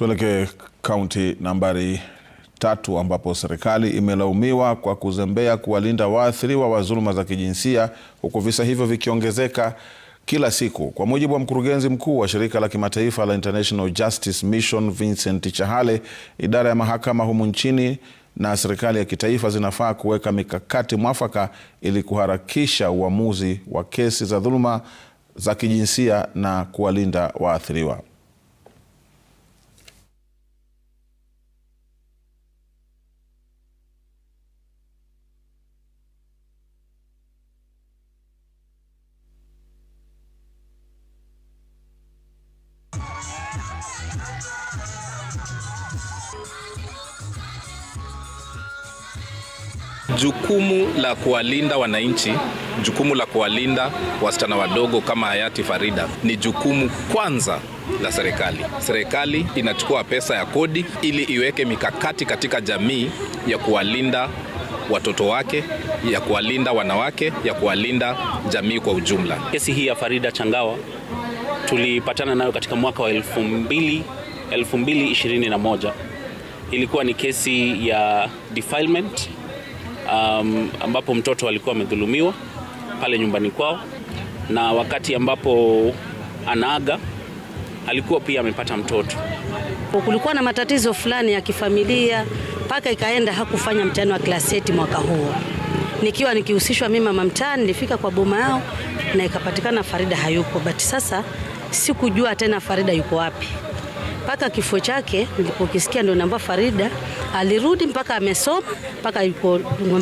Tuelekee kaunti nambari tatu ambapo serikali imelaumiwa kwa kuzembea kuwalinda waathiriwa wa dhuluma za kijinsia huku visa hivyo vikiongezeka kila siku. Kwa mujibu wa mkurugenzi mkuu wa shirika la kimataifa la International Justice Mission, Vincent Chahale, idara ya mahakama humu nchini na serikali ya kitaifa zinafaa kuweka mikakati mwafaka ili kuharakisha uamuzi wa kesi za dhuluma za kijinsia na kuwalinda waathiriwa. Jukumu la kuwalinda wananchi, jukumu la kuwalinda wasichana wadogo kama hayati Farida ni jukumu kwanza la serikali. Serikali inachukua pesa ya kodi ili iweke mikakati katika jamii ya kuwalinda watoto wake, ya kuwalinda wanawake, ya kuwalinda jamii kwa ujumla. Kesi hii ya Farida Changawa tulipatana nayo katika mwaka wa 2021. Ilikuwa ni kesi ya defilement um, ambapo mtoto alikuwa amedhulumiwa pale nyumbani kwao, na wakati ambapo anaaga alikuwa pia amepata mtoto. Kulikuwa na matatizo fulani ya kifamilia mpaka ikaenda hakufanya mtihani wa klasi 8 mwaka huo. Nikiwa nikihusishwa mimi mama mtaa nilifika kwa boma yao na ikapatikana Farida hayuko, but sasa sikujua tena Farida yuko wapi mpaka kifo chake nilipokisikia, ndio namba Farida alirudi mpaka amesoma mpaka yuko Ng'ombe.